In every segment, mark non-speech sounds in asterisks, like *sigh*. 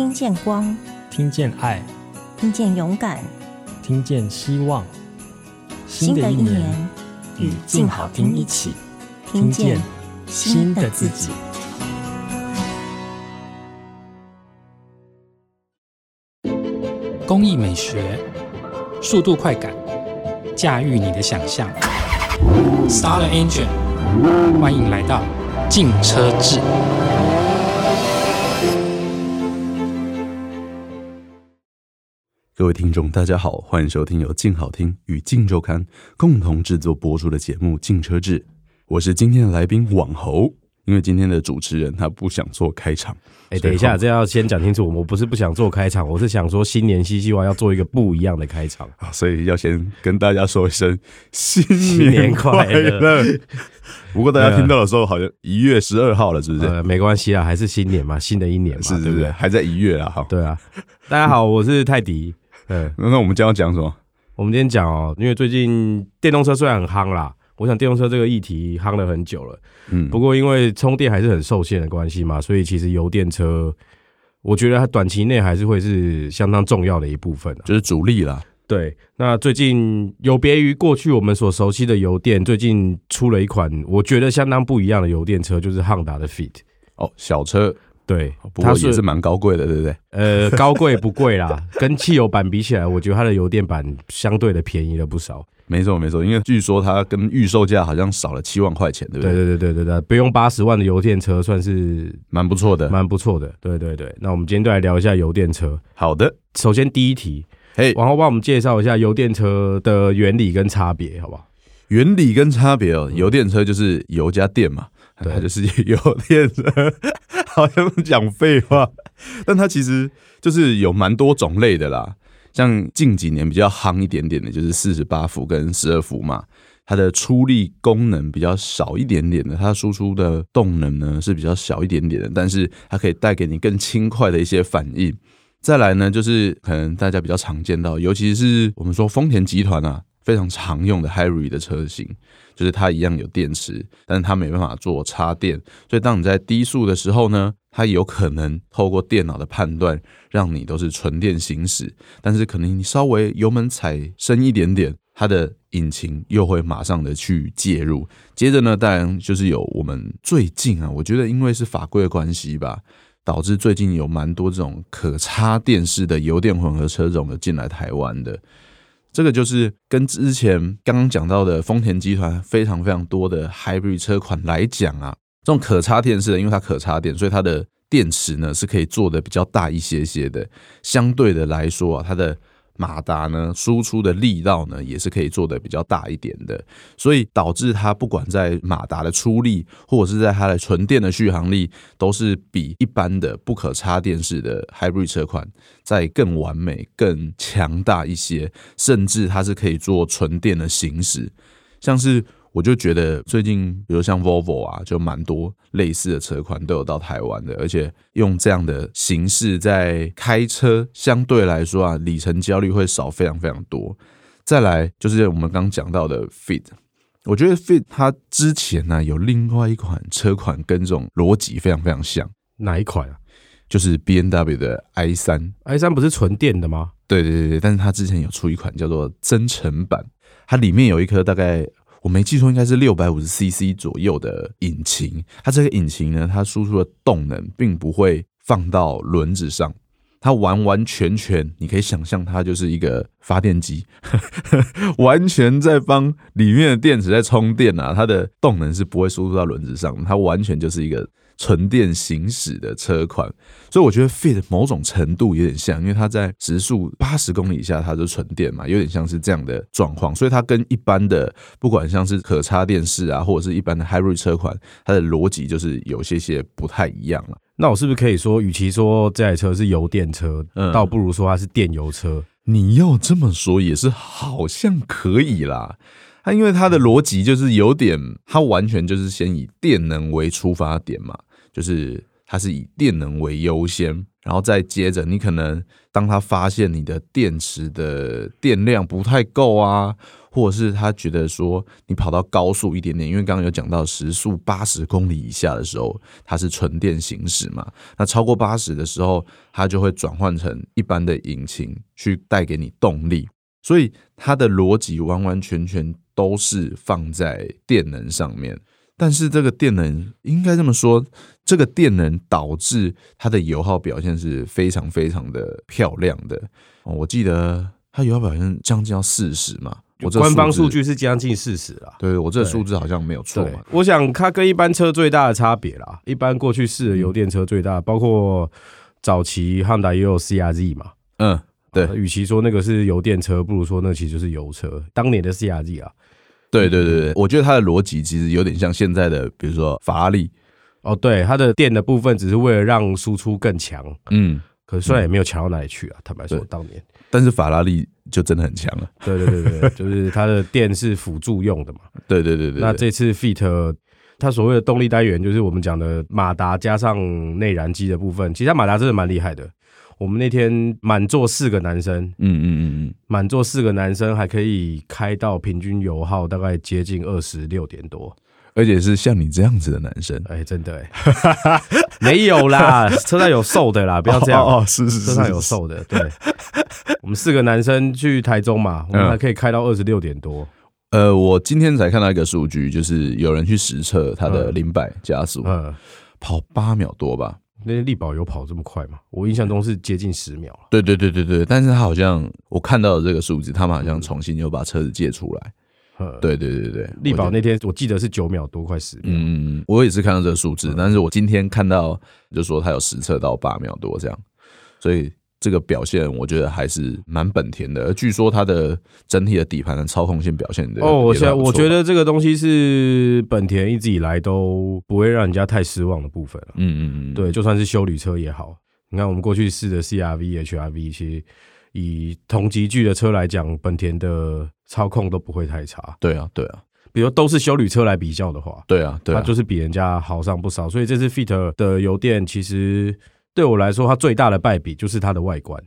聽見光，聽見愛，聽見勇敢，聽見希望。新的一年與靜好聽一起，聽見新的自己。自己工藝美學，速度快感，駕馭你的想象。Star Engine，歡迎來到靜車志。各位聽眾，大家好，歡迎收聽由靜好聽與靜週刊共同制作播出的節目《靜車誌》，我是今天的來賓網猴，因為今天的主持人他不想做開場，哎、欸，等一下，這要先講清楚，我不是不想做開場，我是想說新年新希望要做一個不一樣的開場啊，所以要先跟大家說一聲新年快樂。不過大家聽到的時候好像一月十二號了，是不是？啊、沒關係啊，還是新年嘛，新的一年嘛，是是不是，對，啊？還在一月啦啊？哈，對啊。大家好，我是泰迪。 *laughs* 對，那我們今天要講什麼？我們今天講哦、喔，因為最近電動車雖然很夯啦，我想電動車這個議題夯了很久了，嗯，不過因為充電還是很受限的關係嘛，所以其實油電車，我覺得它短期內還是會是相當重要的一部分，就是主力啦。對，那最近有別於過去我們所熟悉的油電，最近出了一款我覺得相當不一樣的油電車，就是 Honda 的 Fit 哦，小車。對，不過也是蠻高貴的，對不對？呃，高貴不貴啦， *laughs* 跟汽油版比起來，我覺得它的油電版相對的便宜了不少。沒錯，沒錯，因為據說它跟預售價好像少了七萬塊錢，對不對？對對對對對對，不用八十萬的油電車，算是蠻不錯的，蠻不錯的。對對對，對，那我們今天就來聊一下油電車。好的，首先第一題，哎、hey，往後幫我們介紹一下油電車的原理跟差別，好不好？原理跟差別哦，油電車就是油加電嘛，對、嗯，它就是油電車。 *laughs* 好像講廢話，但它其實就是有蠻多種類的啦。像近幾年比較夯一點點的，就是四十八伏跟十二伏嘛，它的出力功能比較少一點點的，它輸出的動能呢是比較小一點點的，但是它可以帶給你更輕快的一些反應。再來呢，就是可能大家比較常見到，尤其是我們說豐田集團啊。非常常用的 Hybrid 的車型，就是它一樣有電池，但是它沒辦法做插電。所以當你在低速的時候呢，它有可能透過電腦的判斷，讓你都是純電行駛。但是可能你稍微油門踩深一點點，它的引擎又會馬上的去介入。接着呢，當然就是有我們最近啊，我覺得因為是法規的關係吧，導致最近有蠻多這種可插電式的油電混合車種的進來台灣的。這個就是跟之前剛剛講到的豐田集團非常非常多的 Hybrid 車款來講啊，這種可插電式的，因為它可插電，所以它的電池呢是可以做的比較大一些些的，相對的來說啊，它的。馬達呢，輸出的力道呢，也是可以做的比較大一點的，所以導致它不管在馬達的出力，或者是在它的純電的續航力，都是比一般的不可插電式的 hybrid 車款再更完美、更強大一些，甚至它是可以做純電的行駛，像是。我就覺得最近，比如像 Volvo 啊，就蠻多類似的車款都有到台灣的，而且用這樣的形式在開車，相對來說啊，里程焦慮會少非常非常多。再來就是我們剛剛講到的 Fit，我覺得 Fit 它之前呢、啊、有另外一款車款跟這種邏輯非常非常像，哪一款啊？就是 BMW 的 i 三，i 三不是純電的嗎？對對對對，但是它之前有出一款叫做增程版，它裡面有一顆大概。我沒記錯，應該是六百五十 CC 左右的引擎。它這個引擎呢，它輸出的動能並不會放到輪子上，它完完全全，你可以想象它就是一個。發電機 *laughs* 完全在幫裡面的電池在充電啊，它的動能是不會輸入到輪子上，它完全就是一個純電行駛的車款，所以我覺得 Fit 某種程度有點像，因為它在時速八十公里以下，它就純電嘛，有點像是這樣的狀況，所以它跟一般的不管像是可插電式啊，或者是一般的 Hybrid 車款，它的邏輯就是有些些不太一樣了、啊。那我是不是可以說，與其說這台車是油電車，倒不如說它是電油車、嗯？你要這麼說也是好像可以啦，它因為它的邏輯就是有點，它完全就是先以電能為出發點嘛，就是它是以電能為優先，然後再接着你可能當它發現你的電池的電量不太夠啊。或者是他覺得說你跑到高速一點點，因為剛剛有講到時速八十公里以下的時候，它是純電行駛嘛。那超過八十的時候，它就會轉換成一般的引擎去帶給你動力。所以它的邏輯完完全全都是放在電能上面。但是這個電能應該這麼說，這個電能導致它的油耗表現是非常非常的漂亮的。我記得它油耗表現將近要四十嘛。我這數字官方數據是將近四十啊，對，我這數字好像沒有錯。我想它跟一般車最大的差別啦，一般過去式的油電車最大，嗯、包括早期 Honda 也有 CRZ 嘛，嗯，對。與、啊、其說那個是油電車，不如說那其實就是油車。當年的 CRZ 啊，對對對對，我覺得它的邏輯其實有點像現在的，比如說法拉利，哦，對，它的電的部分只是為了讓輸出更強，嗯。可雖然也沒有強到哪裡去啊，嗯、坦白說當年。但是法拉利就真的很強了。對,對對對對，就是它的電是輔助用的嘛。對對對對。那這次 Fit 它所謂的動力單元就是我們講的馬達加上內燃機的部分，其實它馬達真的蠻厲害的。我們那天滿座四個男生，嗯嗯嗯嗯，滿座四個男生還可以開到平均油耗大概接近二十六點多。而且是像你這樣子的男生，哎、欸，真的、欸，哈哈哈，沒有啦， *laughs* 車上有瘦的啦，不要這樣哦，哦，是是是，車上有瘦的，對，是是是我們四個男生去台中嘛，我們還可以開到二十六點多、嗯。呃，我今天才看到一個數據，就是有人去實測他的零百加速，嗯，嗯跑八秒多吧？那力寶有跑這麼快嗎？我印象中是接近十秒。對對對對對，但是他好像我看到的這個數字，他們好像重新又把車子借出來。呃，對對對對，力寶那天我記得是九秒多，快十。嗯嗯嗯，我也是看到這個數字。嗯，但是我今天看到就是說它有實測到八秒多這樣，所以這個表現我覺得還是蠻本田的。而據說它的整體的底盤的操控性表現哦，我想，我覺得這個東西是本田一直以來都不會讓人家太失望的部分。嗯嗯嗯，對，就算是休旅車也好，你看我們過去試的 CRV、HRV，一些以同級距的車來講，本田的。操控都不會太差，對啊，對啊。比如都是休旅車來比較的話，對、啊，對啊，它就是比人家好上不少。所以這次 Fit 的油電其實對我來說，它最大的敗筆就是它的外觀。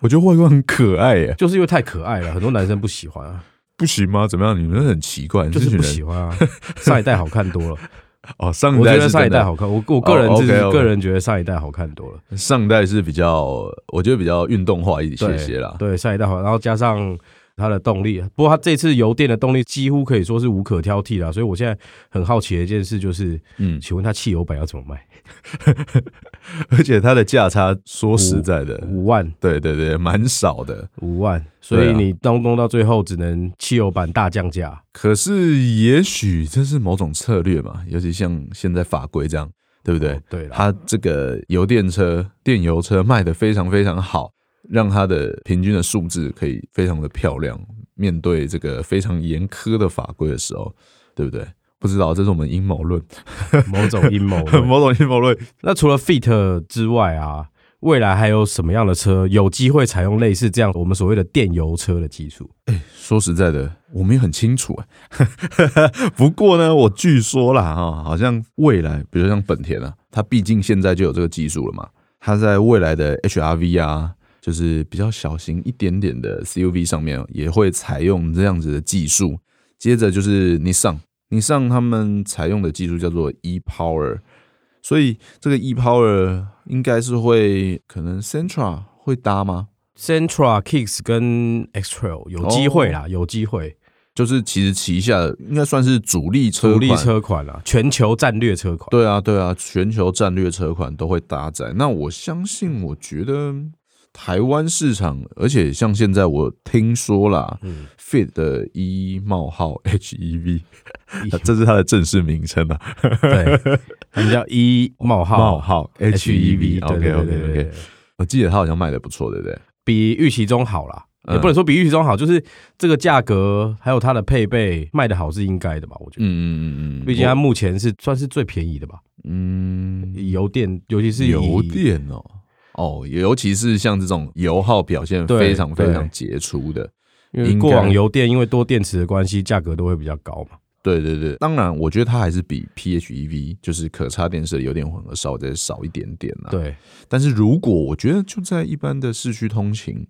我覺得外觀很可愛耶，就是因為太可愛了，很多男生不喜歡啊。不行嗎？怎麼樣？你們很奇怪，就是不喜歡啊。上一代好看多了 *laughs* 哦，上一代是，我覺得上一代好看。我我個人、就是哦、okay, okay. 個人覺得上一代好看多了，上一代是比較，我覺得比較運動化一些些啦。對，對上一代好看，然後加上。嗯它的動力，不過它這次油電的動力幾乎可以說是無可挑剔了，啊，所以我現在很好奇的一件事，就是，嗯，請問他汽油版要怎麼賣？ *laughs* 而且它的價差，說實在的五，五萬，對對對，蠻少的，五萬。所以你東東到最後只能汽油版大降價，啊。可是也許這是某種策略嘛，尤其像現在法規這樣，對不對？哦、對啦，它這個油電車、電油車賣得非常非常好。讓它的平均的數字可以非常的漂亮。面對這個非常嚴苛的法規的時候，對不對？不知道，這是我們陰謀論，某種陰謀，某種陰謀論。那除了 Fit 之外啊，未來還有什麼樣的車有機會採用類似這樣我們所謂的電油車的技術？哎，說實在的，我們也很清楚、欸。不過呢，我據說了哈，好像未來，比如像本田啊，它畢竟現在就有這個技術了嘛，它在未來的 HRV 啊。就是比較小型一點點的 CUV 上面也會採用這樣子的技術。接着就是 Nissan，Nissan Nissan 他們採用的技術叫做 ePower，所以這個 ePower 應該是會可能 Sentra 會搭嗎？Sentra Kicks 跟 X-Trail 有機會啦，oh, 有機會。就是其實旗下應該算是主力車款主力車款啦，啊，全球戰略車款。對啊，對啊，對啊，全球戰略車款都會搭載。那我相信，我覺得。台灣市場，而且像現在我聽說啦、嗯、，Fit 的一、e, 冒號 HEV，這是它的正式名稱啊。對，它 *laughs* 們叫一、e, 冒號冒號 HEV, HEV。OK OK OK，我記得它好像賣得不錯，對不對？比預期中好啦、嗯。也不能說比預期中好，就是這個價格還有它的配備賣得好是應該的吧？我覺得，嗯嗯嗯，畢竟它目前是算是最便宜的吧？嗯，油電，尤其是油電哦。哦，尤其是像這種油耗表現非常非常傑出的，因為你過往油電因為多電池的關係，價格都會比較高嘛。對對對，當然，我覺得它還是比 PHEV 就是可插電式油電混合少再少一點點、啊、對，但是如果我覺得就在一般的市區通勤，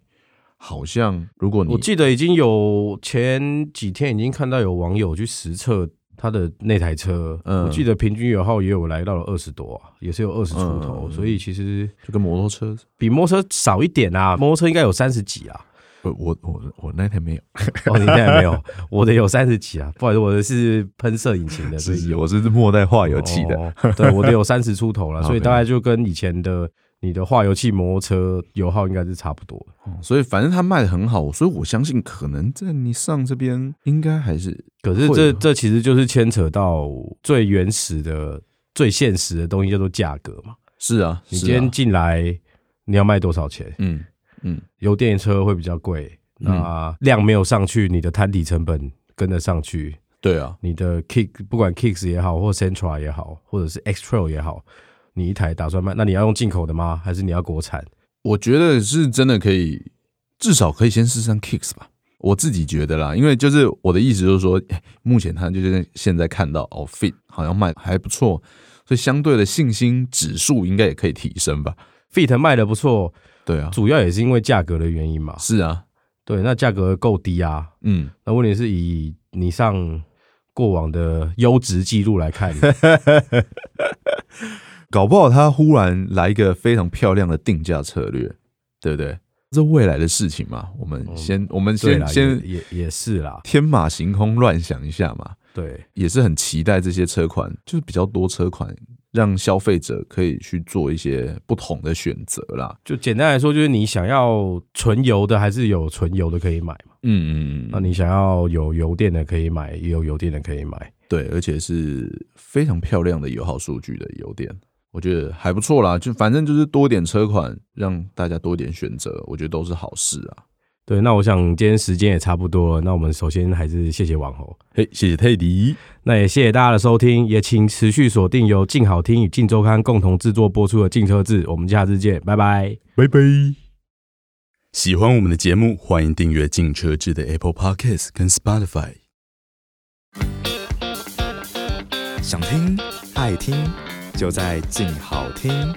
好像如果你我記得已經有前幾天已經看到有網友去實測。他的那台車、嗯，我記得平均油耗也有來到了二十多，啊，也是有二十出頭，嗯，所以其實就跟摩托車比，摩托車少一點啊，摩托車應該有三十幾啊。我我我我那台沒有，哦，你那天沒有， *laughs* 我的有三十幾啊。不好意思，我的是噴射引擎的，自己我是末代化油器的，哦，對，我的有三十出頭了，所以大概就跟以前的。你的化油器摩托車油耗應該是差不多，所以反正它賣得很好，所以我相信可能在你上這邊應該還是。可是這這其實就是牽扯到最原始的、最現實的東西，叫做價格嘛。是啊，你今天進來你要賣多少錢？嗯嗯，油電車會比較貴，那量沒有上去，你的攤提成本跟得上去。對啊，你的 Kick 不管 Kicks 也好，或 Sentra 也好，或者是 X-Trail 也好。你一台打算賣？那你要用進口的嗎？還是你要國產？我覺得是真的可以，至少可以先試試看 Kicks 吧。我自己覺得啦，因為就是我的意思就是說，欸、目前他就是現在看到哦 Fit 好像賣還不錯，所以相對的信心指數應該也可以提升吧。Fit 賣的不錯，對啊，主要也是因為價格的原因嘛。是啊，對，那價格夠低啊。嗯，那問題是以 Nissan 過往的優質記錄來看。 *laughs* 搞不好他忽然來一個非常漂亮的定價策略，對不對？這未來的事情嘛。我們先，嗯、我們先先也也，也是啦，天馬行空亂想一下嘛。對，也是很期待這些車款，就是比較多車款讓消費者可以去做一些不同的選擇啦。就簡單來說，就是你想要純油的，還是有純油的可以買嘛？嗯嗯，那你想要有油電的可以買，也有油電的可以買。對，而且是非常漂亮的油耗數據的油電。我覺得還不錯啦，就反正就是多點車款，讓大家多點選擇，我覺得都是好事啊。對，那我想今天時間也差不多了，那我們首先還是謝謝王侯，嘿、hey, 謝謝泰迪，那也謝謝大家的收聽，也請持續鎖定由鏡好聽與鏡週刊共同製作播出的《鏡車誌》，我們下次見，拜拜，拜拜。喜歡我們的節目，歡迎訂閱《鏡車誌》的 Apple Podcast 跟 Spotify，想聽愛聽，就在靜好聽。